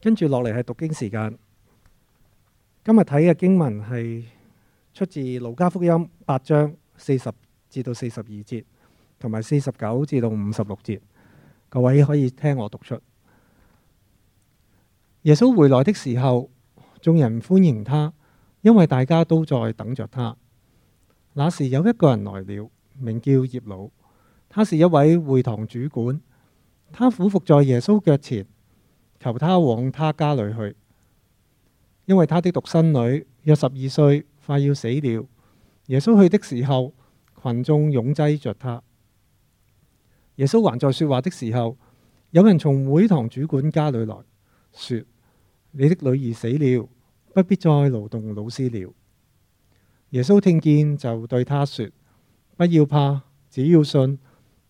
跟住落嚟係讀經時間。今日睇嘅經文係出自《路加福音》八章四十至到四十二節，同埋四十九至到五十六節。各位可以聽我讀出。耶穌回來的時候，眾人歡迎他，因為大家都在等着他。那時有一個人來了，名叫葉魯，他是一位會堂主管，他俯伏在耶穌腳前。求他往他家裏去，因為他的獨生女約十二歲，快要死了。耶穌去的時候，群眾擁擠着他。耶穌還在說話的時候，有人從會堂主管家裏來說：你的女兒死了，不必再勞動老師了。耶穌聽見就對他說：不要怕，只要信，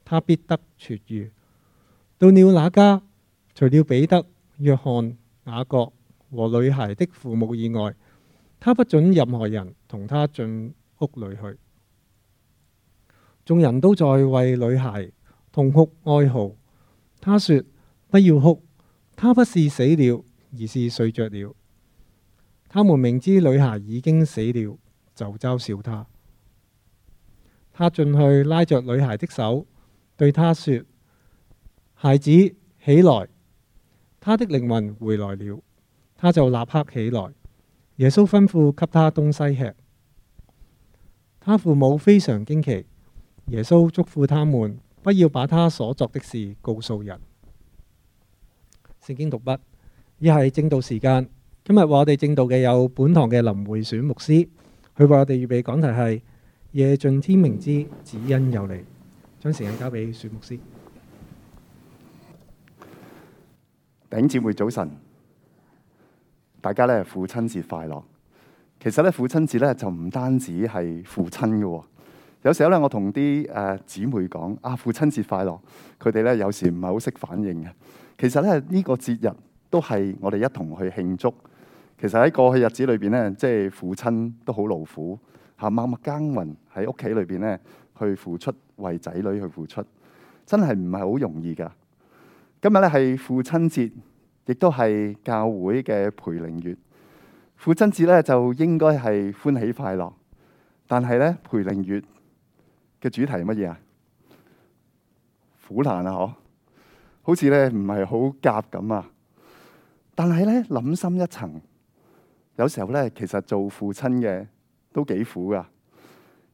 他必得痊愈，到了那家，除了彼得，約翰雅各和女孩的父母以外，他不准任何人同他進屋裏去。眾人都在為女孩痛哭哀號。他說：不要哭，她不是死了，而是睡着了。他們明知女孩已經死了，就嘲笑他。他進去拉着女孩的手，對她說：孩子，起來。他的靈魂回來了，他就立刻起來。耶穌吩咐給他東西吃。他父母非常驚奇。耶穌囑咐他們不要把他所作的事告訴人。聖經讀畢，而係正道時間。今日話我哋正道嘅有本堂嘅林會選牧師，佢為我哋預備講題係夜盡天明之子恩有嚟。將時間交俾選牧師。弟兄姊妹早晨，大家咧，父親節快樂。其實咧，父親節咧就唔單止係父親噶、哦，有時候咧我同啲誒姊妹講啊，父親節快樂，佢哋咧有時唔係好識反應嘅。其實咧呢、這個節日都係我哋一同去慶祝。其實喺過去日子裏邊咧，即、就、係、是、父親都好勞苦吓，默默耕耘喺屋企裏邊咧去付出，為仔女去付出，真係唔係好容易噶。今日咧係父親節。亦都係教會嘅培靈月，父親節咧就應該係歡喜快樂。但係咧培靈月嘅主題乜嘢啊？苦難啊！嗬，好似咧唔係好夾咁啊。但係咧諗深一層，有時候咧其實做父親嘅都幾苦噶。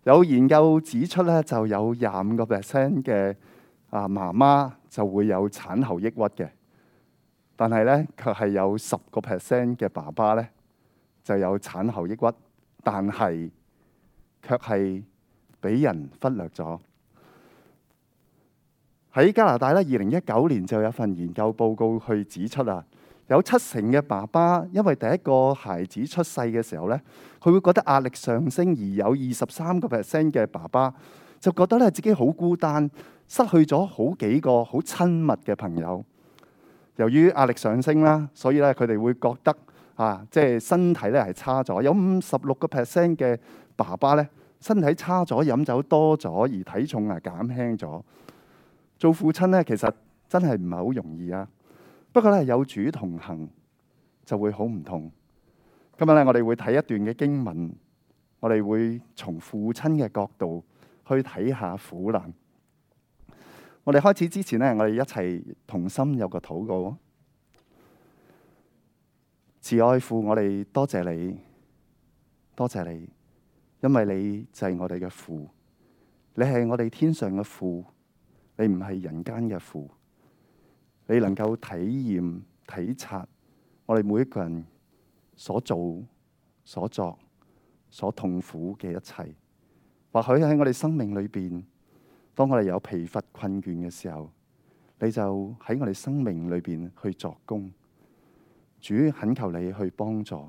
有研究指出咧，就有廿五個 percent 嘅啊媽媽就會有產後抑鬱嘅。但係咧，卻係有十個 percent 嘅爸爸咧，就有產後抑鬱，但係卻係俾人忽略咗。喺加拿大咧，二零一九年就有份研究報告去指出啊，有七成嘅爸爸因為第一個孩子出世嘅時候咧，佢會覺得壓力上升，而有二十三個 percent 嘅爸爸就覺得咧自己好孤單，失去咗好幾個好親密嘅朋友。由於壓力上升啦，所以咧佢哋會覺得啊，即係身體咧係差咗。有五十六個 percent 嘅爸爸咧，身體差咗，飲酒多咗，而體重啊減輕咗。做父親咧，其實真係唔係好容易啊。不過咧，有主同行就會好唔同。今日咧，我哋會睇一段嘅經文，我哋會從父親嘅角度去睇下苦難。我哋開始之前呢，我哋一齊同心有個禱告。慈愛父，我哋多謝你，多謝你，因為你就係我哋嘅父，你係我哋天上嘅父，你唔係人間嘅父，你能夠體驗體察我哋每一個人所做所作所痛苦嘅一切，或許喺我哋生命裏邊，當我哋有疲乏、困倦嘅時候，你就喺我哋生命裏邊去作工。主懇求你去幫助，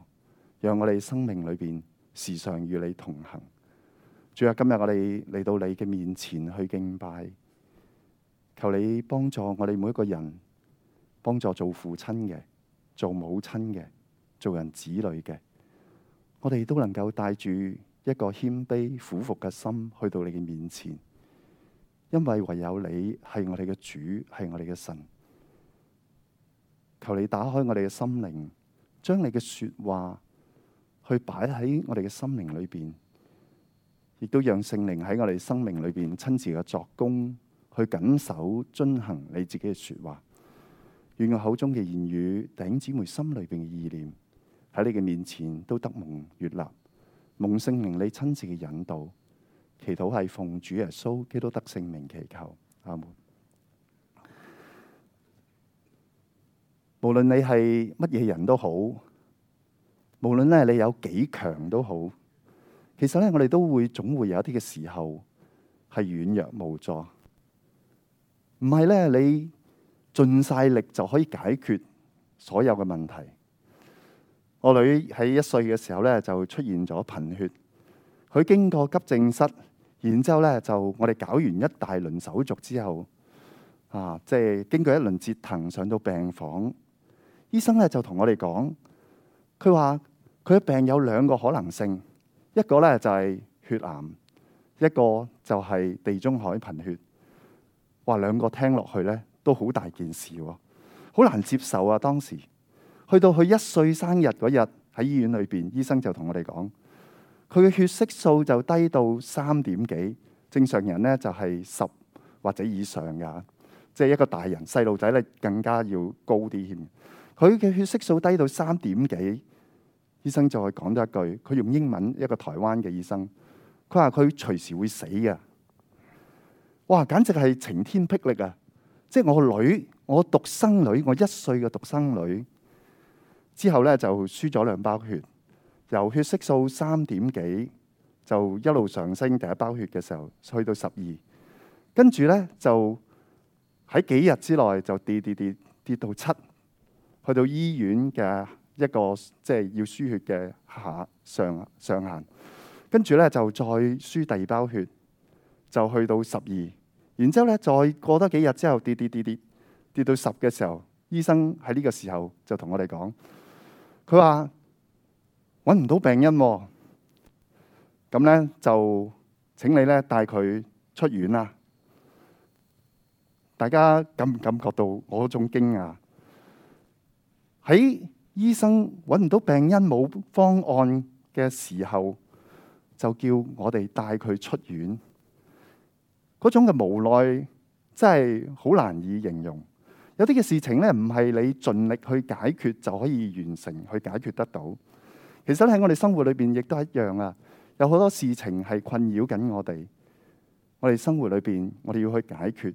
讓我哋生命裏邊時常與你同行。主啊，今日我哋嚟到你嘅面前去敬拜，求你幫助我哋每一個人，幫助做父親嘅、做母親嘅、做人子女嘅，我哋都能夠帶住一個謙卑、苦服嘅心去到你嘅面前。因為唯有你係我哋嘅主，係我哋嘅神。求你打開我哋嘅心靈，將你嘅說話去擺喺我哋嘅心靈裏邊，亦都讓聖靈喺我哋生命裏邊親自嘅作工，去謹守遵行你自己嘅說話。願我口中嘅言語、弟兄姊妹心裏邊嘅意念，喺你嘅面前都得蒙悅納。蒙聖靈你親自嘅引導。祈禱係奉主耶穌基督得聖名祈求，阿門。無論你係乜嘢人都好，無論咧你有幾強都好，其實咧我哋都會總會有一啲嘅時候係軟弱無助。唔係咧，你盡晒力就可以解決所有嘅問題。我女喺一歲嘅時候咧就出現咗貧血。佢經過急症室，然之後咧就我哋搞完一大輪手續之後，啊，即係經過一輪折騰上到病房，醫生咧就同我哋講，佢話佢嘅病有兩個可能性，一個咧就係血癌，一個就係地中海貧血。哇，兩個聽落去咧都好大件事喎，好難接受啊！當時去到佢一歲生日嗰日喺醫院裏邊，醫生就同我哋講。佢嘅血色素就低到三點幾，正常人咧就係十或者以上噶，即係一個大人細路仔咧更加要高啲添。佢嘅血色素低到三點幾，醫生就講咗一句，佢用英文，一個台灣嘅醫生，佢話佢隨時會死啊！哇，簡直係晴天霹靂啊！即係我女，我獨生女，我一歲嘅獨生女，之後咧就輸咗兩包血。由血色素三點幾就一路上升，第一包血嘅時候去到十二，跟住呢，就喺幾日之內就跌跌跌跌到七，去到醫院嘅一個即係、就是、要輸血嘅下上上限，跟住呢，就再輸第二包血就去到十二，然之後呢，再過多幾日之後跌跌跌跌跌到十嘅時候，醫生喺呢個時候就同我哋講，佢話，揾唔到病因，咁呢就請你咧帶佢出院啦。大家感唔感覺到我嗰種驚訝？喺醫生揾唔到病因冇方案嘅時候，就叫我哋帶佢出院。嗰種嘅無奈真係好難以形容。有啲嘅事情呢，唔係你盡力去解決就可以完成去解決得到。其實喺我哋生活裏邊亦都一樣啊！有好多事情係困擾緊我哋，我哋生活裏邊我哋要去解決，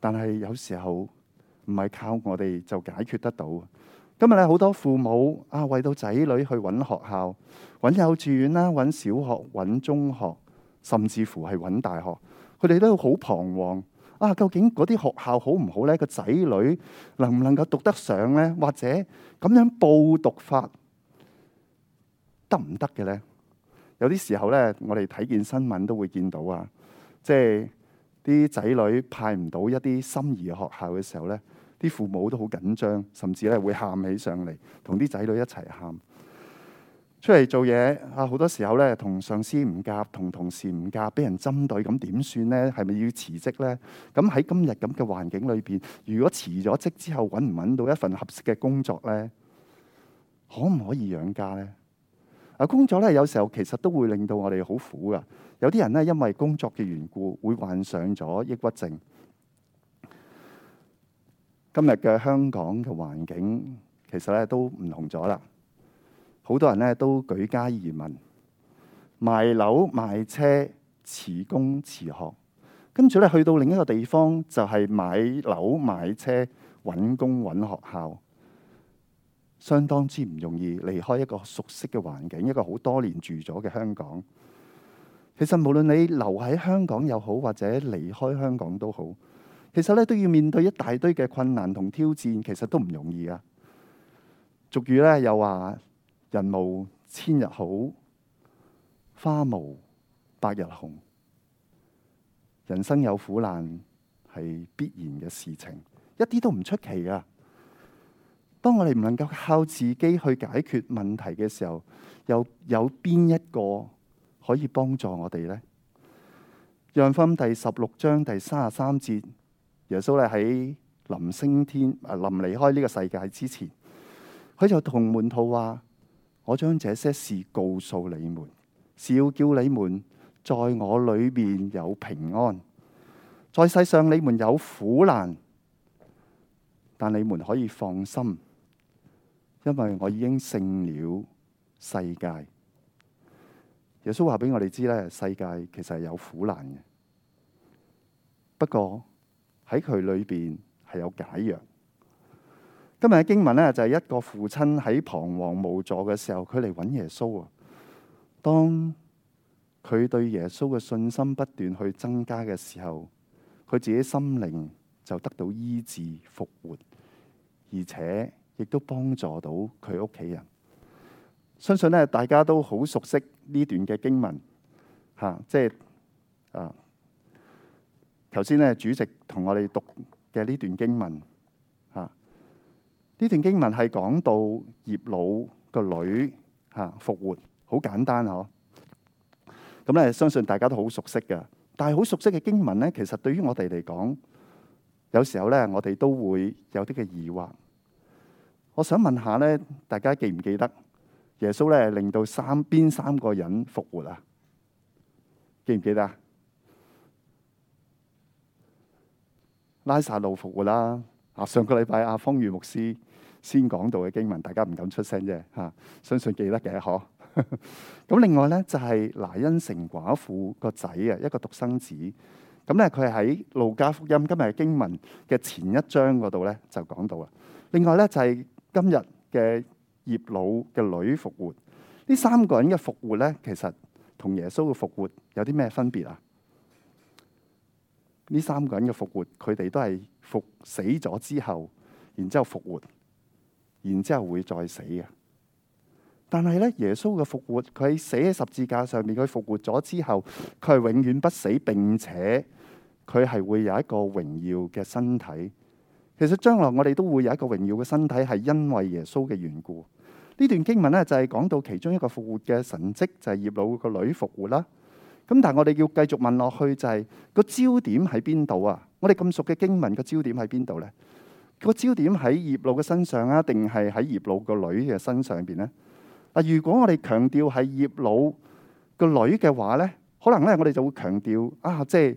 但係有時候唔係靠我哋就解決得到。今日咧好多父母啊，為到仔女去揾學校、揾幼稚園啦、揾小學、揾中學，甚至乎係揾大學，佢哋都好彷徨啊！究竟嗰啲學校好唔好呢？個仔女能唔能夠讀得上呢？或者咁樣報讀法？得唔得嘅咧？有啲時候咧，我哋睇見新聞都會見到啊，即係啲仔女派唔到一啲心儀嘅學校嘅時候咧，啲父母都好緊張，甚至咧會喊起上嚟，同啲仔女一齊喊出嚟做嘢啊！好多時候咧，同上司唔夾，同同事唔夾，俾人針對咁點算咧？係咪要辭職咧？咁喺今日咁嘅環境裏邊，如果辭咗職之後揾唔揾到一份合適嘅工作咧，可唔可以養家咧？啊，工作咧，有時候其實都會令到我哋好苦噶。有啲人咧，因為工作嘅緣故，會患上咗抑鬱症。今日嘅香港嘅環境，其實咧都唔同咗啦。好多人咧都舉家移民，賣樓賣車，辭工辭學，跟住咧去到另一個地方，就係買樓買車，揾工揾學校。相當之唔容易離開一個熟悉嘅環境，一個好多年住咗嘅香港。其實無論你留喺香港又好，或者離開香港都好，其實咧都要面對一大堆嘅困難同挑戰，其實都唔容易啊。俗語咧又話：人無千日好，花無百日紅。人生有苦難，係必然嘅事情，一啲都唔出奇啊！當我哋唔能夠靠自己去解決問題嘅時候，又有邊一個可以幫助我哋呢？約翰第十六章第三十三節，耶穌咧喺臨升天啊臨離開呢個世界之前，佢就同門徒話：我將這些事告訴你們，是要叫你們在我裏面有平安。在世上你們有苦難，但你們可以放心。因為我已經勝了世界。耶穌話俾我哋知咧，世界其實係有苦難嘅。不過喺佢裏邊係有解藥。今日嘅經文咧就係一個父親喺彷徨無助嘅時候，佢嚟揾耶穌。當佢對耶穌嘅信心不斷去增加嘅時候，佢自己心靈就得到醫治復活，而且。亦都幫助到佢屋企人。相信咧，大家都好熟悉呢段嘅經文嚇，即係啊頭先咧，主席同我哋讀嘅呢段經文嚇。呢段經文係講到葉老個女嚇復活，好簡單嗬。咁咧，相信大家都好熟悉嘅，但係好熟悉嘅經文咧，其實對於我哋嚟講，有時候咧，我哋都會有啲嘅疑惑。我想問下咧，大家記唔記得耶穌咧令到三邊三個人復活啊？記唔記得啊？拉撒路復活啦！啊，上個禮拜阿方宇牧師先講到嘅經文，大家唔敢出聲啫嚇，相信記得嘅嗬。咁另外咧就係拿因城寡婦個仔啊，一個獨生子。咁咧佢喺路加福音今日經文嘅前一章嗰度咧就講到啦。另外咧就係、是。今日嘅葉老嘅女復活，呢三個人嘅復活呢，其實同耶穌嘅復活有啲咩分別啊？呢三個人嘅復活，佢哋都係死咗之後，然之後復活，然之後會再死嘅。但係呢，耶穌嘅復活，佢死喺十字架上面，佢復活咗之後，佢係永遠不死，並且佢係會有一個榮耀嘅身體。其實將來我哋都會有一個榮耀嘅身體，係因為耶穌嘅緣故。呢段經文咧，就係講到其中一個復活嘅神蹟，就係葉老個女復活啦。咁但係我哋要繼續問落去，就係個焦點喺邊度啊？我哋咁熟嘅經文嘅焦點喺邊度呢？個焦點喺葉老嘅身上啊，定係喺葉老個女嘅身上邊呢？嗱，如果我哋強調係葉老個女嘅話呢，可能咧，我哋就會強調啊，即係。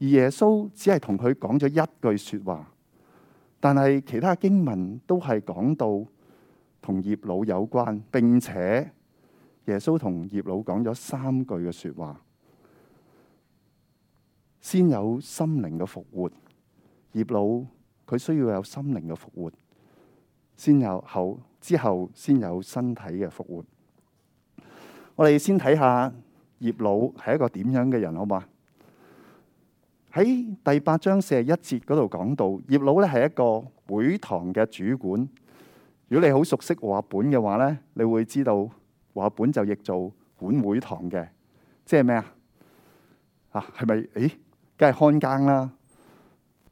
而耶穌只係同佢講咗一句說話，但係其他經文都係講到同葉老有關，並且耶穌同葉老講咗三句嘅說話，先有心靈嘅復活。葉老佢需要有心靈嘅復活，先有後之後先有身體嘅復活。我哋先睇下葉老係一個點樣嘅人，好嘛？喺第八章四十一節嗰度講到，葉老咧係一個會堂嘅主管。如果你好熟悉畫本的話本嘅話咧，你會知道話本就譯做管會堂嘅，即係咩啊？啊，係咪？誒，梗係看更啦？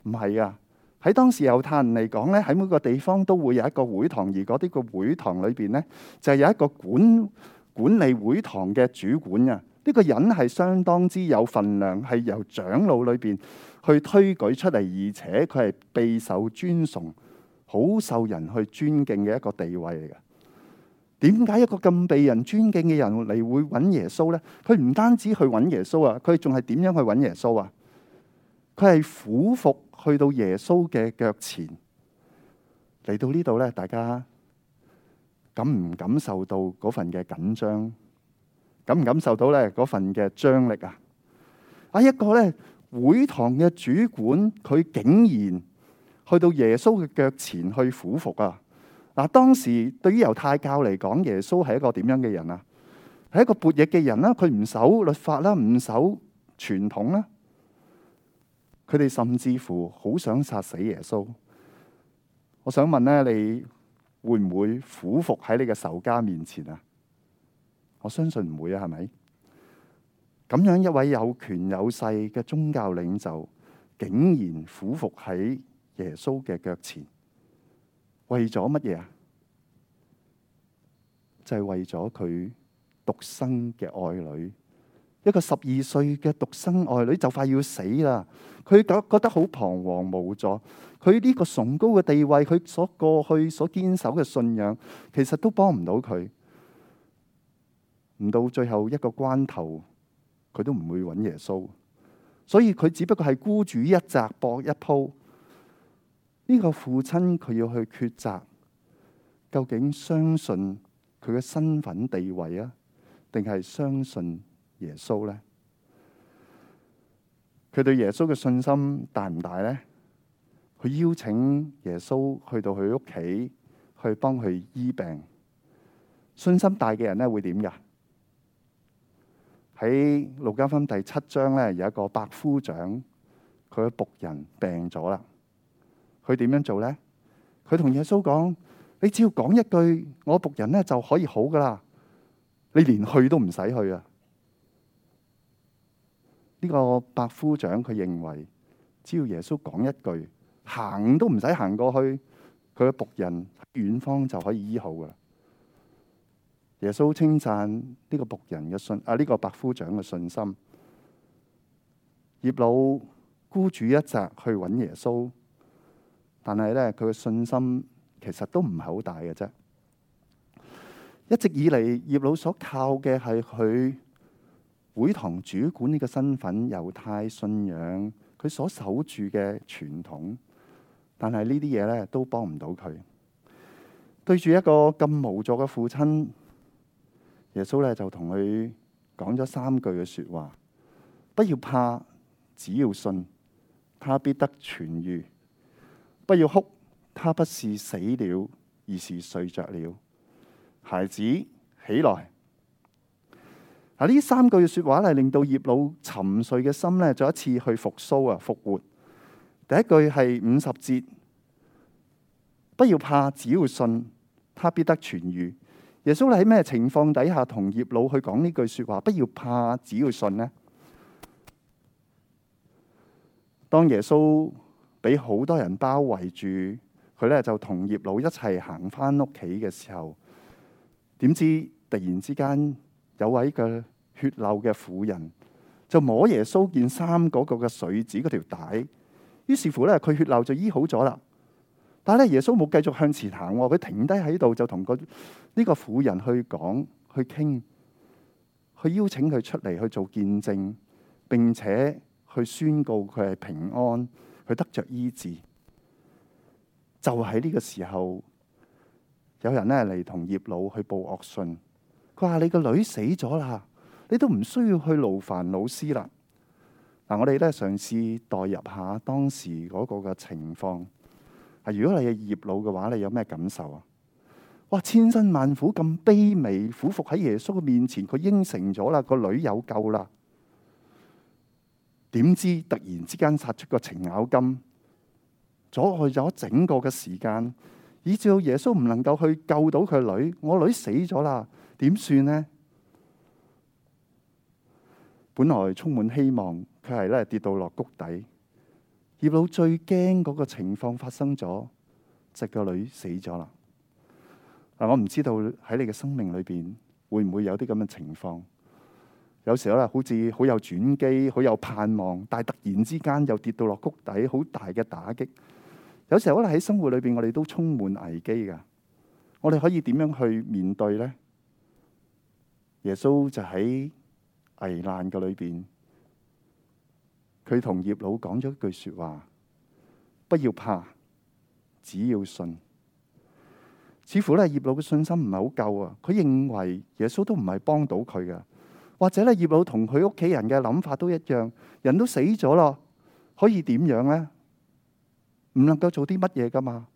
唔係啊！喺當時猶太人嚟講咧，喺每個地方都會有一個會堂，而嗰啲個會堂裏邊咧，就係有一個管管理會堂嘅主管啊。呢、這個人係相當之有分量，係由長老裏邊去推舉出嚟，而且佢係備受尊崇，好受人去尊敬嘅一個地位嚟嘅。點解一個咁被人尊敬嘅人嚟會揾耶穌呢？佢唔單止去揾耶穌啊，佢仲係點樣去揾耶穌啊？佢係俯伏去到耶穌嘅腳前，嚟到呢度呢，大家感唔感受到嗰份嘅緊張？感唔感受到咧嗰份嘅張力啊！一個咧會堂嘅主管，佢竟然去到耶穌嘅腳前去俯伏啊！嗱，當時對於猶太教嚟講，耶穌係一個點樣嘅人啊？係一個叛逆嘅人啦，佢唔守律法啦，唔守傳統啦，佢哋甚至乎好想殺死耶穌。我想問咧，你會唔會俯伏喺你嘅仇家面前啊？我相信唔會啊，係咪？咁樣一位有權有勢嘅宗教領袖，竟然俯伏喺耶穌嘅腳前，為咗乜嘢啊？就係為咗佢獨生嘅愛女，一個十二歲嘅獨生愛女就快要死啦。佢覺覺得好彷徨無助，佢呢個崇高嘅地位，佢所過去所堅守嘅信仰，其實都幫唔到佢。唔到最後一個關頭，佢都唔會揾耶穌，所以佢只不過係孤注一擲，搏一鋪。呢個父親佢要去抉擇，究竟相信佢嘅身份地位啊，定係相信耶穌呢？佢對耶穌嘅信心大唔大呢？佢邀請耶穌去到佢屋企去幫佢醫病，信心大嘅人咧會點噶？喺路加福音第七章咧，有一個百夫長，佢嘅僕人病咗啦。佢點樣做呢？佢同耶穌講：你只要講一句，我僕人咧就可以好噶啦。你連去都唔使去啊！呢、這個百夫長佢認為，只要耶穌講一句，行都唔使行過去，佢嘅僕人遠方就可以醫好噶啦。耶穌稱讚呢個僕人嘅信，啊呢個百夫長嘅信心。葉老孤注一擲去揾耶穌，但係呢，佢嘅信心其實都唔係好大嘅啫。一直以嚟葉老所靠嘅係佢會堂主管呢個身份、猶太信仰、佢所守住嘅傳統，但係呢啲嘢呢，都幫唔到佢。對住一個咁無助嘅父親。耶穌咧就同佢講咗三句嘅說話：不要怕，只要信，他必得痊癒；不要哭，他不是死了，而是睡着了。孩子，起來。啊！呢三句嘅說話咧，令到葉老沉睡嘅心咧，再一次去復甦啊，復活。第一句係五十節：不要怕，只要信，他必得痊癒。耶穌喺咩情況底下同葉老去講呢句說話？不要怕，只要信咧。當耶穌俾好多人包圍住，佢咧就同葉老一齊行返屋企嘅時候，點知突然之間有位嘅血漏嘅婦人就摸耶穌件衫嗰個嘅水紙嗰條帶，於是乎咧佢血漏就醫好咗啦。但係咧，耶穌冇繼續向前行，佢停低喺度，就同個呢個婦人去講、去傾、去邀請佢出嚟去做見證，並且去宣告佢係平安，佢得着醫治。就喺呢個時候，有人咧嚟同葉老去報惡訊，佢話你個女死咗啦，你都唔需要去勞煩老師啦。嗱，我哋咧嘗試代入一下當時嗰個嘅情況。如果你係葉老嘅話，你有咩感受啊？哇，千辛萬苦咁卑微俯伏喺耶穌嘅面前，佢應承咗啦，個女有救啦。點知突然之間殺出個程咬金，阻礙咗整個嘅時間，以至到耶穌唔能夠去救到佢女，我女死咗啦，點算呢？本來充滿希望，佢係咧跌到落谷底。葉老最驚嗰個情況發生咗，侄、那個女死咗啦。嗱，我唔知道喺你嘅生命裏邊會唔會有啲咁嘅情況。有時候好似好有轉機，好有盼望，但係突然之間又跌到落谷底，好大嘅打擊。有時候可能喺生活裏邊，我哋都充滿危機噶。我哋可以點樣去面對呢？耶穌就喺危難嘅裏邊。佢同葉老講咗一句說話：不要怕，只要信。似乎咧，葉老嘅信心唔係好夠啊！佢認為耶穌都唔係幫到佢噶，或者咧，葉老同佢屋企人嘅諗法都一樣。人都死咗咯，可以點樣咧？唔能夠做啲乜嘢噶嘛？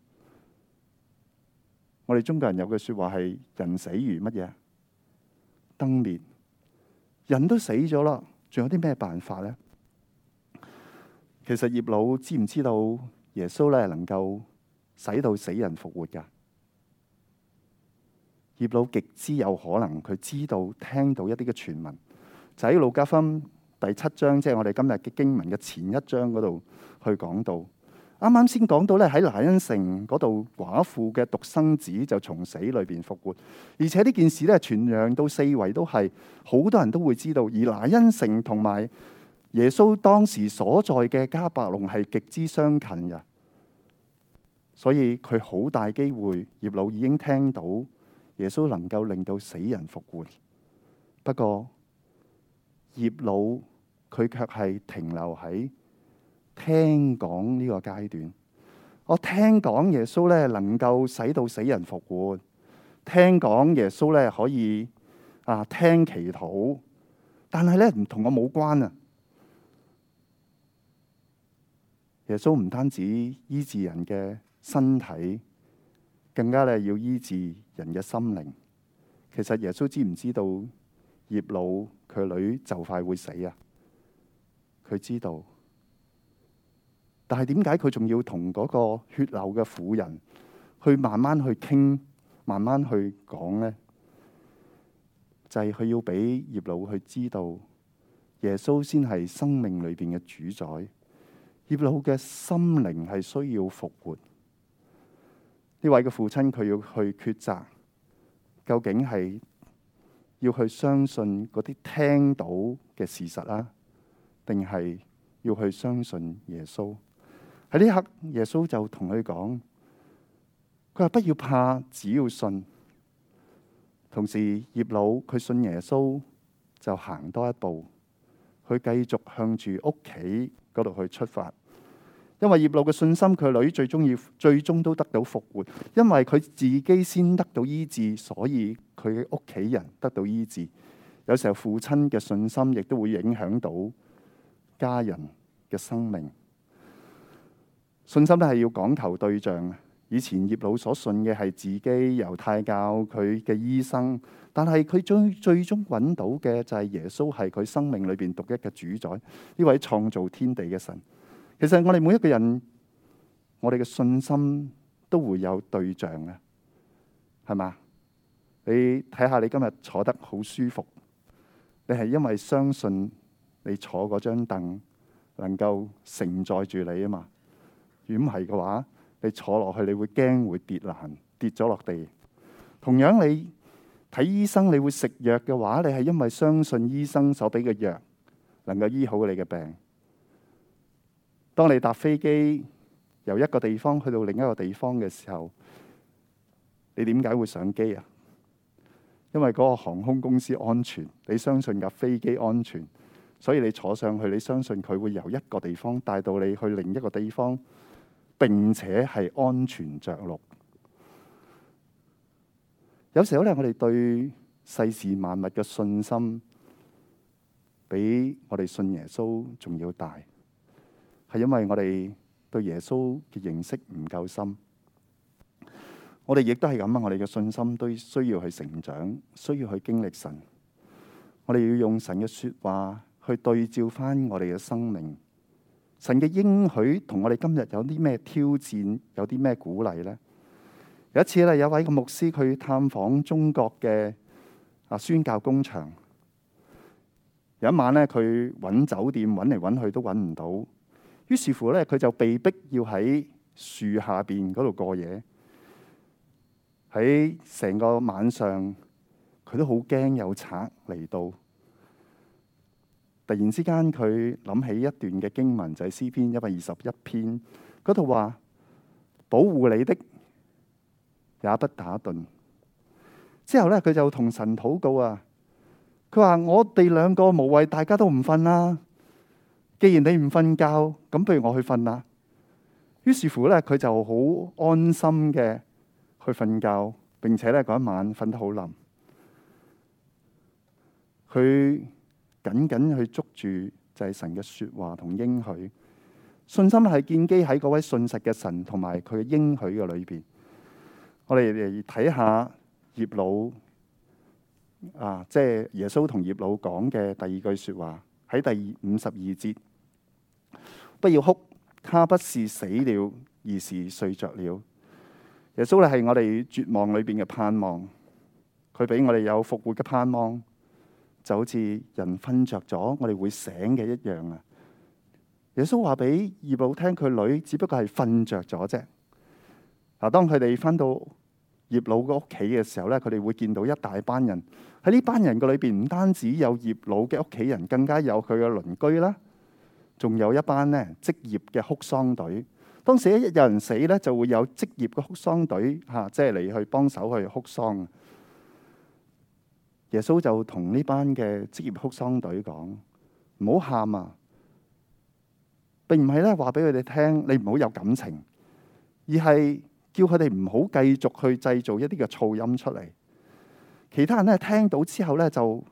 我哋中國人有句說話係：人死如乜嘢？燈滅。人都死咗咯，仲有啲咩辦法咧？其實葉老知唔知道耶穌咧係能夠使到死人復活噶葉老極之有可能佢知道聽到一啲嘅傳聞，就喺路加福音第七章，即係我哋今日嘅經文嘅前一章嗰度去講到。啱啱先講到咧，喺拿因城嗰度寡婦嘅獨生子就從死裏邊復活，而且呢件事咧傳揚到四圍都係好多人都會知道，而拿因城同埋。耶穌當時所在嘅加伯龍係極之相近嘅，所以佢好大機會葉老已經聽到耶穌能夠令到死人復活。不過葉老佢卻係停留喺聽講呢個階段。我聽講耶穌咧能夠使到死人復活，聽講耶穌咧可以啊聽祈禱，但是呢我沒關係咧，唔同我冇關啊。耶穌唔單止醫治人嘅身體，更加咧要醫治人嘅心靈。其實耶穌知唔知道葉老佢女就快會死啊？佢知道，但係點解佢仲要同嗰個血流嘅婦人去慢慢去傾，慢慢去講呢？就係、是、佢要俾葉老去知道，耶穌先係生命裏邊嘅主宰。葉老嘅心靈係需要復活，呢位嘅父親佢要去抉擇，究竟係要去相信嗰啲聽到嘅事實啊，定係要去相信耶穌？喺呢刻，耶穌就同佢講，佢話：不要怕，只要信。同時，葉老佢信耶穌，就行多一步，佢繼續向住屋企嗰度去出發。因為葉老嘅信心，佢女最終，最終都得到復活。因為佢自己先得到醫治，所以佢嘅屋企人得到醫治。有時候父親嘅信心，亦都會影響到家人嘅生命。信心都係要講求對象。以前葉老所信嘅係自己猶太教佢嘅醫生，但係佢最最終揾到嘅就係耶穌，係佢生命裏邊獨一嘅主宰。呢位創造天地嘅神。其實我哋每一個人，我哋嘅信心都會有對象嘅，係嘛？你睇下你今日坐得好舒服，你係因為相信你坐嗰張凳能夠承載住你啊嘛？如果唔係嘅話，你坐落去你會驚會跌爛，跌咗落地。同樣你睇醫生，你會食藥嘅話，你係因為相信醫生所俾嘅藥能夠醫好你嘅病。當你搭飛機由一個地方去到另一個地方嘅時候，你點解會上機啊？因為嗰個航空公司安全，你相信架飛機安全，所以你坐上去，你相信佢會由一個地方帶到你去另一個地方，並且係安全着陸。有時候咧，我哋對世事萬物嘅信心，比我哋信耶穌仲要大。係因為我哋對耶穌嘅認識唔夠深，我哋亦都係咁啊！我哋嘅信心都需要去成長，需要去經歷神。我哋要用神嘅說話去對照翻我哋嘅生命。神嘅應許同我哋今日有啲咩挑戰，有啲咩鼓勵呢？有一次咧，有位個牧師去探訪中國嘅啊宣教工場，有一晚咧，佢揾酒店揾嚟揾去都揾唔到。於是乎咧，佢就被逼要喺樹下邊嗰度過夜，喺成個晚上佢都好驚有賊嚟到。突然之間，佢諗起一段嘅經文，就係、是、詩篇一百二十一篇嗰度話：保護你的也不打盹。之後咧，佢就同神禱告啊！佢話：我哋兩個無謂，大家都唔瞓啦。」既然你唔瞓覺，咁不如我去瞓啦。於是乎咧，佢就好安心嘅去瞓覺，並且咧，嗰一晚瞓得好冧。佢緊緊去捉住就係神嘅說話同應許，信心係建基喺嗰位信實嘅神同埋佢嘅應許嘅裏邊。我哋嚟睇下葉老啊，即係耶穌同葉老講嘅第二句說話喺第五十二節。不要哭，他不是死了，而是睡着了。耶穌咧係我哋絕望裏邊嘅盼望，佢俾我哋有復活嘅盼望，就好似人瞓着咗，我哋會醒嘅一樣啊！耶穌話俾葉老聽，佢女只不過係瞓着咗啫。嗱，當佢哋翻到葉老嘅屋企嘅時候咧，佢哋會見到一大班人，喺呢班人嘅裏邊，唔單止有葉老嘅屋企人，更加有佢嘅鄰居啦。仲有一班咧，職業嘅哭喪隊。當時咧，有人死咧，就會有職業嘅哭喪隊吓，即係嚟去幫手去哭喪。耶穌就同呢班嘅職業哭喪隊講：唔好喊啊！並唔係咧，話俾佢哋聽，你唔好有感情，而係叫佢哋唔好繼續去製造一啲嘅噪音出嚟。其他人咧聽到之後咧，就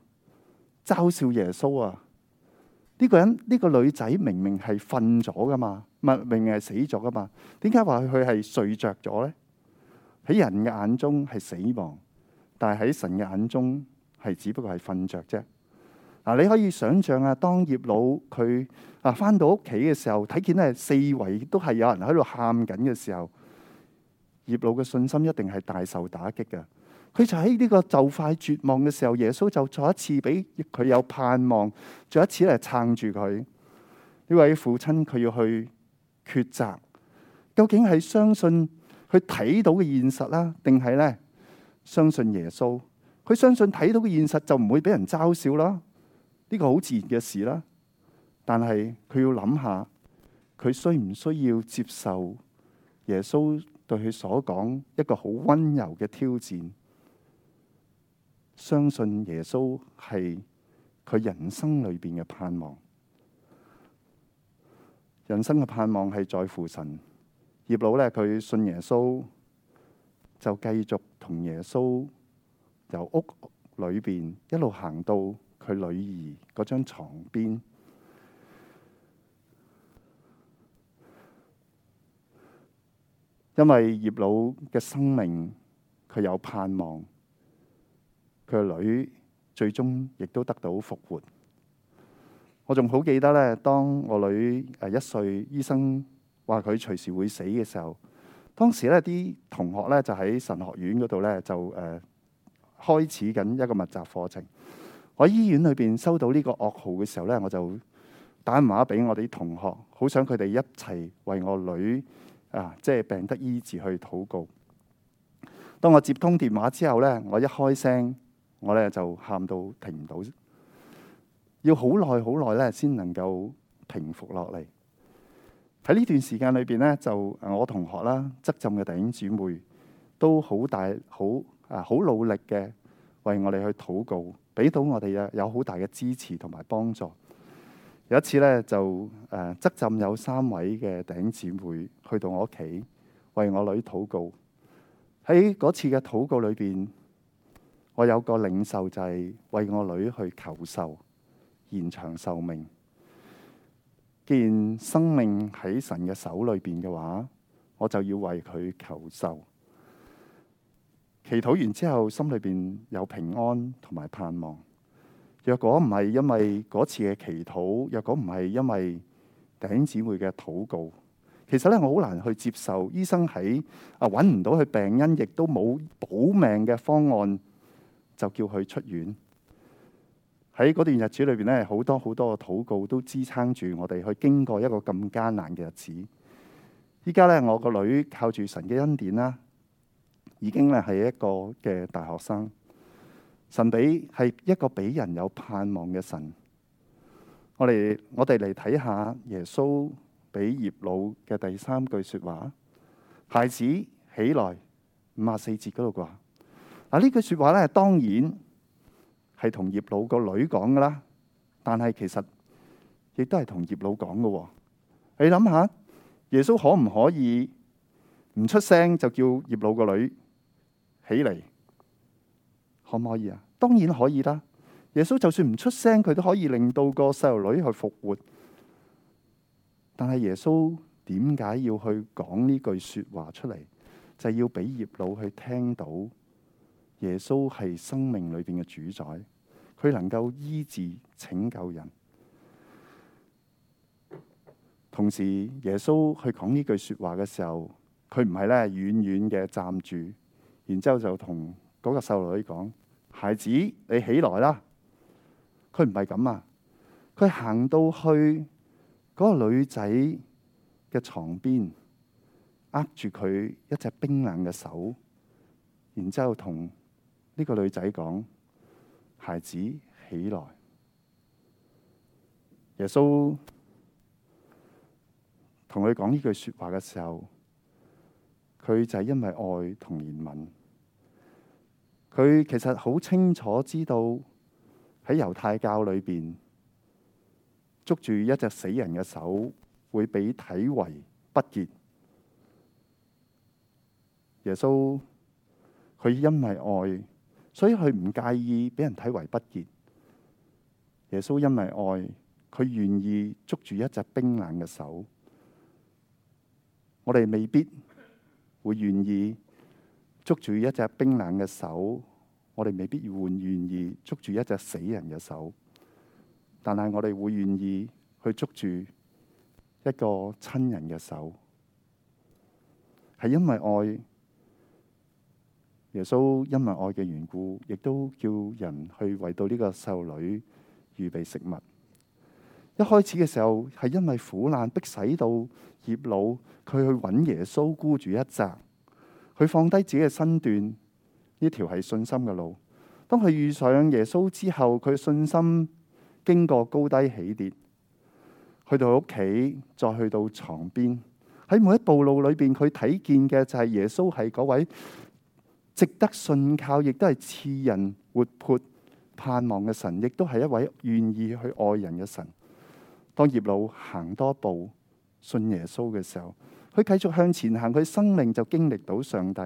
嘲笑耶穌啊！呢、這個人呢、這個女仔明明係瞓咗噶嘛，唔係明明係死咗噶嘛？點解話佢係睡着咗咧？喺人嘅眼中係死亡，但係喺神嘅眼中係只不過係瞓着啫。嗱，你可以想象啊，當葉老佢啊翻到屋企嘅時候，睇見咧四圍都係有人喺度喊緊嘅時候，葉老嘅信心一定係大受打擊嘅。佢就喺呢個就快絕望嘅時候，耶穌就再一次俾佢有盼望，再一次嚟撐住佢呢位父親。佢要去抉擇，究竟係相信佢睇到嘅現實啦，定係呢？相信耶穌？佢相信睇到嘅現實就唔會俾人嘲笑啦，呢個好自然嘅事啦。但係佢要諗下，佢需唔需要接受耶穌對佢所講一個好溫柔嘅挑戰？相信耶穌係佢人生裏邊嘅盼望。人生嘅盼望係在乎神呢。葉老咧，佢信耶穌，就繼續同耶穌由屋裏邊一路行到佢女兒嗰張床邊，因為葉老嘅生命佢有盼望。佢女最終亦都得到復活。我仲好記得咧，當我女誒一歲，醫生話佢隨時會死嘅時候，當時咧啲同學咧就喺神學院嗰度咧就誒、呃、開始緊一個密集課程。我喺醫院裏邊收到呢個噩耗嘅時候咧，我就打電話俾我哋啲同學，好想佢哋一齊為我女啊，即、就、係、是、病得醫治去禱告。當我接通電話之後咧，我一開聲。我咧就喊到停唔到，要好耐好耐咧先能夠平復落嚟。喺呢段時間裏面咧，就我同學啦、側浸嘅弟兄姊妹都好大好、啊、好努力嘅，為我哋去禱告，俾到我哋有有好大嘅支持同埋幫助。有一次咧，就誒、啊、側浸有三位嘅弟兄姊妹去到我屋企為我女禱告，喺嗰次嘅禱告裏面。我有個領袖就係、是、為我女去求壽，延長壽命。既然生命喺神嘅手裏邊嘅話，我就要為佢求壽。祈禱完之後，心裏邊有平安同埋盼望。若果唔係因為嗰次嘅祈禱，若果唔係因為弟兄姊妹嘅禱告，其實咧我好難去接受醫生喺啊搵唔到佢病因，亦都冇保命嘅方案。就叫佢出院。喺嗰段日子裏邊咧，好多好多嘅禱告都支撐住我哋去經過一個咁艱難嘅日子。依家咧，我個女靠住神嘅恩典啦，已經咧係一個嘅大學生。神俾係一個俾人有盼望嘅神。我哋我哋嚟睇下耶穌俾葉老嘅第三句說話：孩子起來，五十四節嗰度啩。啊！呢句説話咧，當然係同葉老個女講噶啦，但係其實亦都係同葉老講噶。你諗下，耶穌可唔可以唔出聲就叫葉老個女起嚟？可唔可以啊？當然可以啦。耶穌就算唔出聲，佢都可以令到個細路女去復活。但係耶穌點解要去講呢句説話出嚟？就係要俾葉老去聽到。耶穌係生命裏邊嘅主宰，佢能夠醫治拯救人。同時耶穌去講呢句說話嘅時候，佢唔係咧遠遠嘅站住，然之後就同嗰個少女講：孩子，你起來啦！佢唔係咁啊，佢行到去嗰個女仔嘅床邊，握住佢一隻冰冷嘅手，然之後同。呢、這個女仔講：孩子起來。耶穌同佢講呢句說話嘅時候，佢就係因為愛同憐憫。佢其實好清楚知道喺猶太教裏邊，捉住一隻死人嘅手會被睇為不潔。耶穌佢因為愛。所以佢唔介意俾人睇為不潔。耶穌因為愛，佢願意捉住一隻冰冷嘅手。我哋未必會願意捉住一隻冰冷嘅手，我哋未必會願意捉住一隻死人嘅手。但係我哋會願意去捉住一個親人嘅手，係因為愛。耶穌因為愛嘅緣故，亦都叫人去為到呢個少女預備食物。一開始嘅時候係因為苦難逼使到睚魯，佢去揾耶穌孤住一扎，佢放低自己嘅身段。呢條係信心嘅路。當佢遇上耶穌之後，佢信心經過高低起跌，去到佢屋企，再去到床邊。喺每一步路裏邊，佢睇見嘅就係耶穌係嗰位，值得信靠，亦都係賜人活潑盼望嘅神，亦都係一位願意去愛人嘅神。當葉老行多步信耶穌嘅時候，佢繼續向前行，佢生命就經歷到上帝。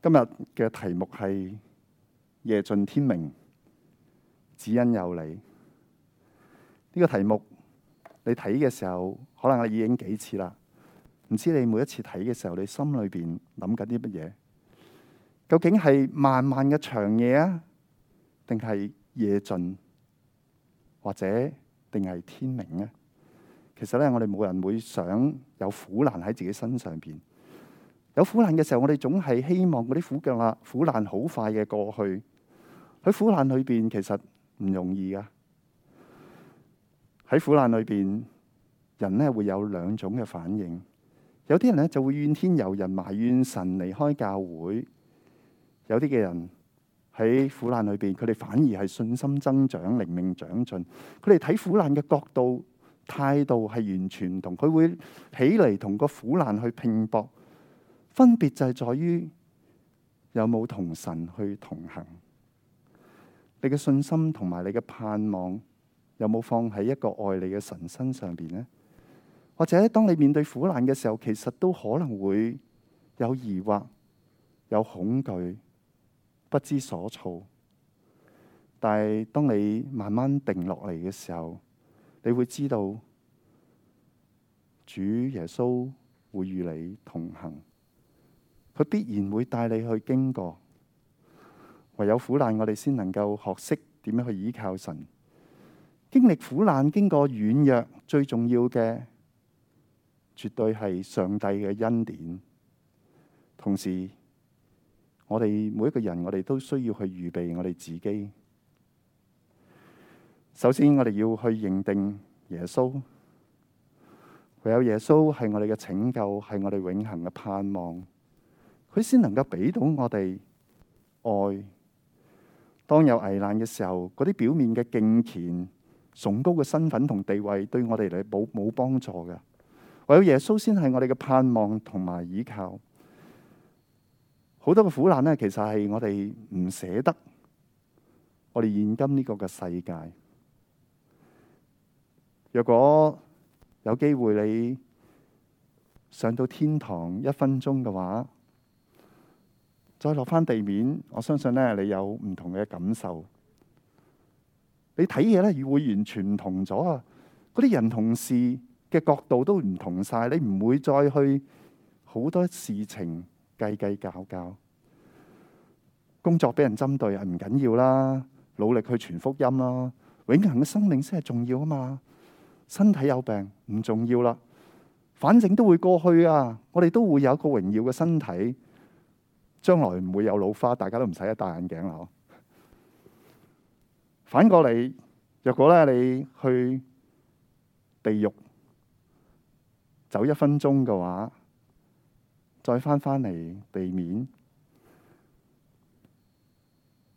今日嘅題目係夜盡天明，只因有你。呢、這個題目你睇嘅時候，可能已經幾次啦。唔知你每一次睇嘅時候，你心裏邊諗緊啲乜嘢？究竟係漫漫嘅長夜啊，定係夜盡，或者定係天明咧？其實咧，我哋冇人會想有苦難喺自己身上邊。有苦難嘅時候，我哋總係希望嗰啲苦難啦，苦難好快嘅過去。喺苦難裏邊，其實唔容易噶。喺苦難裏邊，人咧會有兩種嘅反應。有啲人咧就會怨天尤人，埋怨神離開教會；有啲嘅人喺苦難裏邊，佢哋反而係信心增長、靈命長進。佢哋睇苦難嘅角度、態度係完全唔同。佢會起嚟同個苦難去拼搏，分別就係在於有冇同神去同行。你嘅信心同埋你嘅盼望有冇放喺一個愛你嘅神身上邊呢？或者，當你面對苦難嘅時候，其實都可能會有疑惑、有恐懼、不知所措。但係，當你慢慢定落嚟嘅時候，你會知道主耶穌會與你同行。佢必然會帶你去經過。唯有苦難，我哋先能夠學識點樣去依靠神。經歷苦難，經過軟弱，最重要嘅。絕對係上帝嘅恩典，同時我哋每一個人，我哋都需要去預備我哋自己。首先，我哋要去認定耶穌，唯有耶穌係我哋嘅拯救，係我哋永恆嘅盼望。佢先能夠俾到我哋愛。當有危難嘅時候，嗰啲表面嘅敬虔、崇高嘅身份同地位，對我哋嚟，冇冇幫助嘅。唯有耶穌先係我哋嘅盼望同埋依靠。好多嘅苦難呢，其實係我哋唔捨得。我哋現今呢個嘅世界，若果有機會你上到天堂一分鐘嘅話，再落翻地面，我相信呢，你有唔同嘅感受。你睇嘢呢，會完全唔同咗啊！嗰啲人同事，嘅角度都唔同晒，你唔會再去好多事情計計較較，工作俾人針對係唔緊要啦，努力去傳福音咯，永恆嘅生命先係重要啊嘛，身體有病唔重要啦，反正都會過去啊，我哋都會有一個榮耀嘅身體，將來唔會有老花，大家都唔使戴眼鏡啦。反過嚟，若果咧你去地獄。走一分鐘嘅話，再返返嚟地面，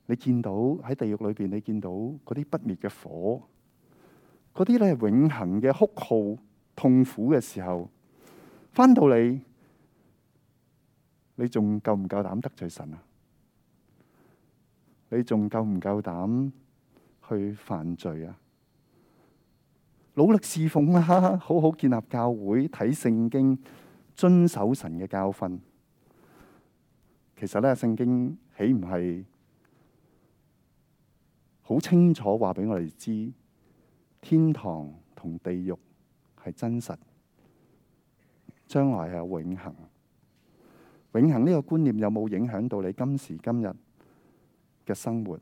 你見到喺地獄裏邊，你見到嗰啲不滅嘅火，嗰啲咧係永恆嘅哭號痛苦嘅時候，返到嚟，你仲夠唔夠膽得罪神啊？你仲夠唔夠膽去犯罪啊？努力侍奉啦、啊，好好建立教會，睇聖經，遵守神嘅教訓。其實呢，聖經豈唔係好清楚話俾我哋知天堂同地獄係真實，將來係永恆。永恆呢個觀念有冇影響到你今時今日嘅生活？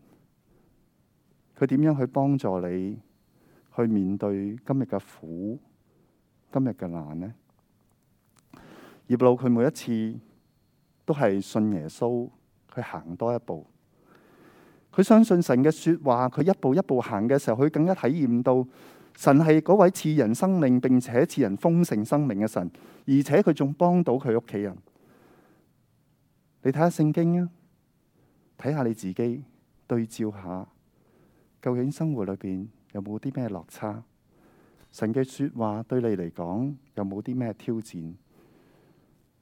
佢點樣去幫助你？去面對今日嘅苦、今日嘅難呢？葉老佢每一次都係信耶穌，去行多一步。佢相信神嘅說話，佢一步一步行嘅時候，佢更加體驗到神係嗰位賜人生命並且賜人豐盛生命嘅神，而且佢仲幫到佢屋企人。你睇下聖經啊，睇下你自己對照下，究竟生活裏邊。有冇啲咩落差？神嘅說話對你嚟講，有冇啲咩挑戰？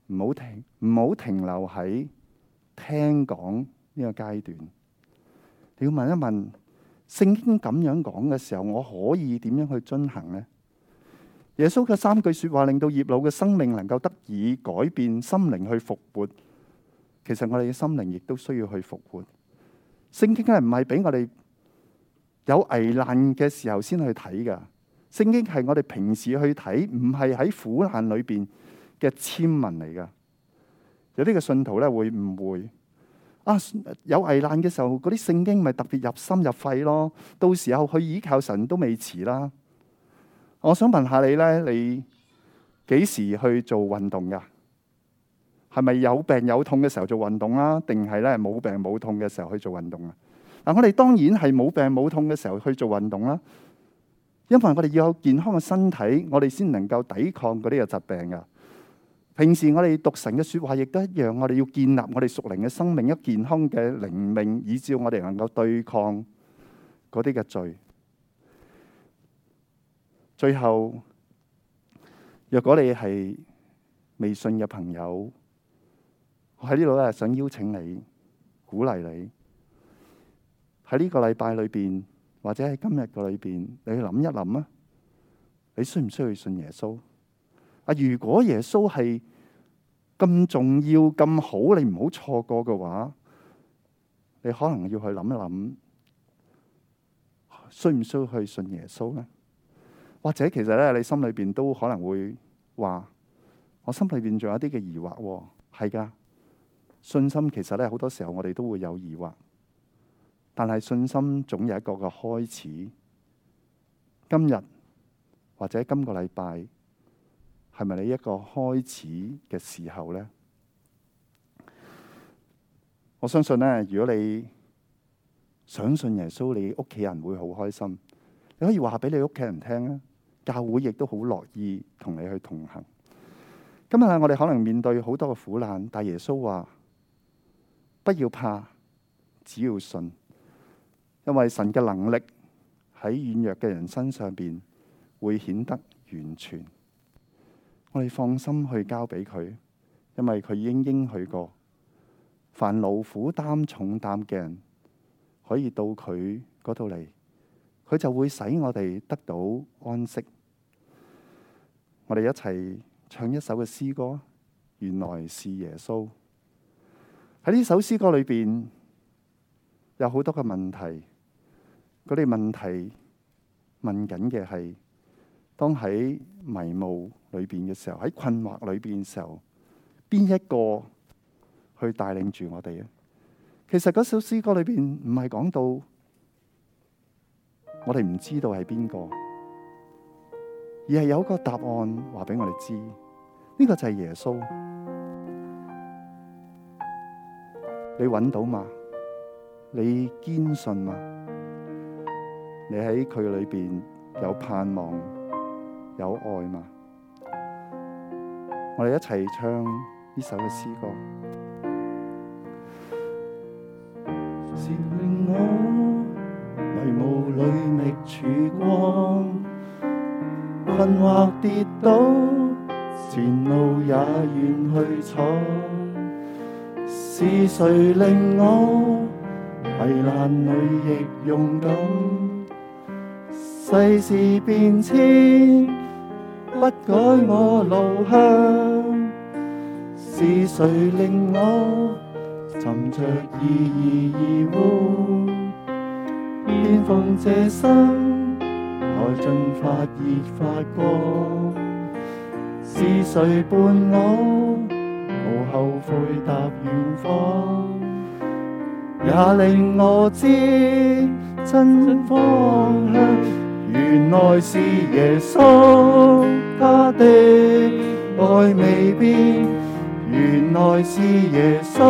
唔好停，唔好停留喺聽講呢個階段。你要問一問，聖經咁樣講嘅時候，我可以點樣去遵行呢？耶穌嘅三句說話，令到葉老嘅生命能夠得以改變，心靈去復活。其實我哋嘅心靈亦都需要去復活。聖經係唔係俾我哋？有危難嘅時候先去睇噶，聖經係我哋平時去睇，唔係喺苦難裏邊嘅簽文嚟噶。有啲嘅信徒咧，會誤會，啊，有危難嘅時候，嗰啲聖經咪特別入心入肺咯。到時候去依靠神都未遲啦。我想問下你咧，你幾時去做運動噶？係咪有病有痛嘅時候做運動啊？定係咧，冇病冇痛嘅時候去做運動啊？嗱，我哋當然係冇病冇痛嘅時候去做運動啦，因為我哋要有健康嘅身體，我哋先能夠抵抗嗰啲嘅疾病噶。平時我哋讀神嘅說話，亦都一樣，我哋要建立我哋屬靈嘅生命，一健康嘅靈命，以至我哋能夠對抗嗰啲嘅罪。最後，若果你係未信嘅朋友，我喺呢度咧，想邀請你，鼓勵你。喺呢個禮拜裏邊，或者喺今日個裏邊，你諗一諗啊，你需唔需要信耶穌？啊，如果耶穌係咁重要，咁好，你唔好錯過嘅話，你可能要去諗一諗，需唔需要去信耶穌呢？或者其實咧，你心裏邊都可能會話：我心裏邊仲有啲嘅疑惑。係噶，信心其實咧好多時候我哋都會有疑惑。但係信心總有一個個開始。今日或者今個禮拜係咪你一個開始嘅時候呢？我相信呢，如果你相信耶穌，你屋企人會好開心。你可以話俾你屋企人聽啊！教會亦都好樂意同你去同行。今日我哋可能面對好多嘅苦難，但耶穌話：不要怕，只要信。因為神嘅能力喺軟弱嘅人身上邊會顯得完全，我哋放心去交俾佢，因為佢已經應許過，凡勞苦擔重擔嘅人可以到佢嗰度嚟，佢就會使我哋得到安息。我哋一齊唱一首嘅詩歌，原來是耶穌。喺呢首詩歌裏邊有好多嘅問題。佢哋問題問緊嘅係：當喺迷霧裏邊嘅時候，喺困惑裏邊嘅時候，邊一個去帶領住我哋啊？其實嗰首詩歌裏邊唔係講到我哋唔知道係邊個，而係有個答案話俾我哋知，呢個就係耶穌。你揾到嘛？你堅信嘛？你喺佢裏面有盼望，有愛嗎？我哋一齊唱呢首嘅詩歌。是誰令我迷霧裏覓曙光，困惑跌倒，前路也願去闖。是誰令我危難裏亦勇敢？世事變遷，不改我路向。是誰令我尋着意義而歡？偏逢這生，來盡發熱發光？是誰伴我無後悔踏遠方？也令我知真方向。原來是耶穌，他的愛未變。原來是耶穌，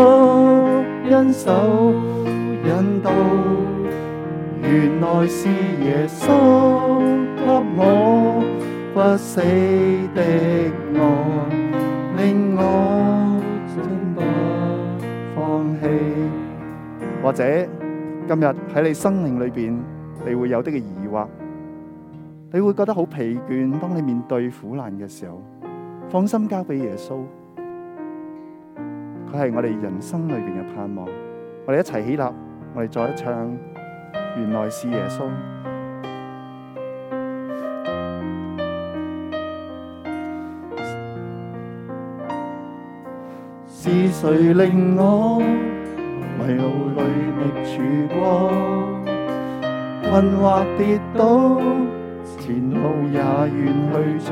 恩手引導。原來是耶穌，給我不死的愛，令我絕不放棄。或者今日喺你生命裏邊，你會有啲嘅疑惑。你會覺得好疲倦，當你面對苦難嘅時候，放心交俾耶穌，佢係我哋人生裏邊嘅盼望。我哋一齊起，起立，我哋再一唱，原來是耶穌。是誰令我迷路裏覓曙光？困惑跌倒。前路也願去闖，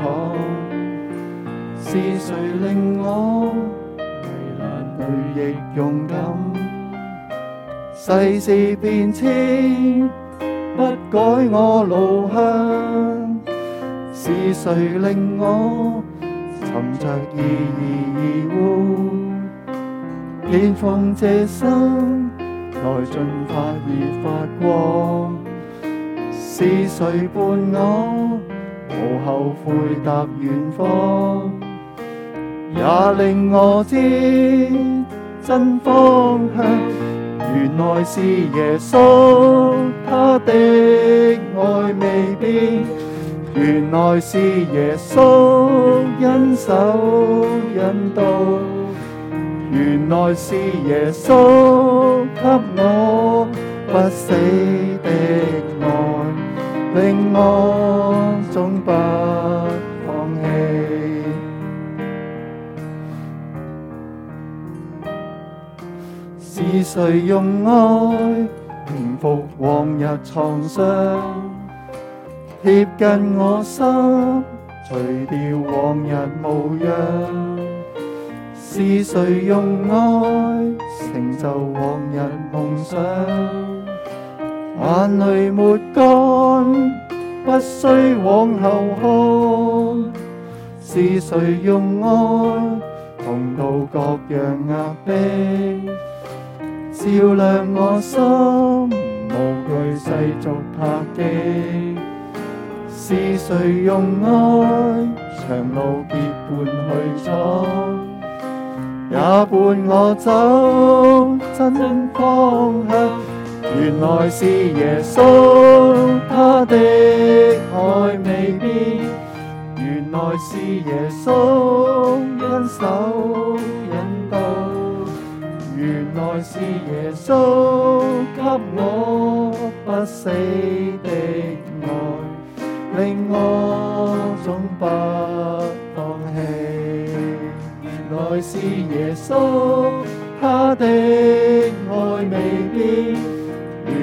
是誰令我為難淚亦勇敢？世事變遷，不改我路向。是誰令我尋着意義而活？便放這生來盡快而發光。是誰伴我，無後悔踏遠方，也令我知真方向。原來是耶穌，他的愛未變。原來是耶穌，恩手引導。原來是耶穌，給我不死的夢。令我總不放棄。 是誰用愛平復往日創傷？貼近我心，除掉往日模樣。是誰用愛成就往日夢想？眼淚抹乾，不需往後看。是誰用愛同渡各樣壓迫，照亮我心，無懼世俗拍擊。是誰用愛長路結伴去闖，也伴我走真正方向。原來是耶穌，他的愛未變。原來是耶穌，恩手引導。原來是耶穌，給我不死的愛，令我總不放棄。原來是耶穌，他的愛未變。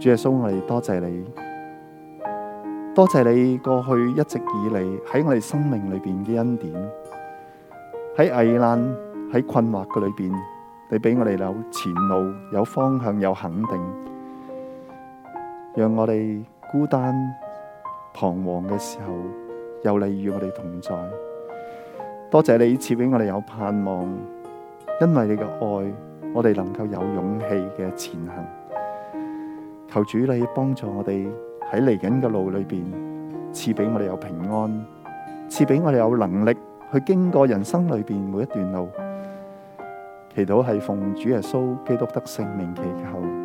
主耶穌，我哋多謝、謝你，多謝你過去一直以嚟喺我哋生命裏邊嘅恩典，喺危難、喺困惑嘅裏邊，你俾我哋留前路、有方向、有肯定。讓我哋孤單彷徨嘅時候，有你與我哋同在。多謝你賜俾我哋有盼望，因為你嘅愛，我哋能夠有勇氣嘅前行。求主你幫助我哋喺嚟緊嘅路裏邊，賜俾我哋有平安，賜俾我哋有能力去經過人生裏邊每一段路。祈禱係奉主耶穌基督得聖名祈求。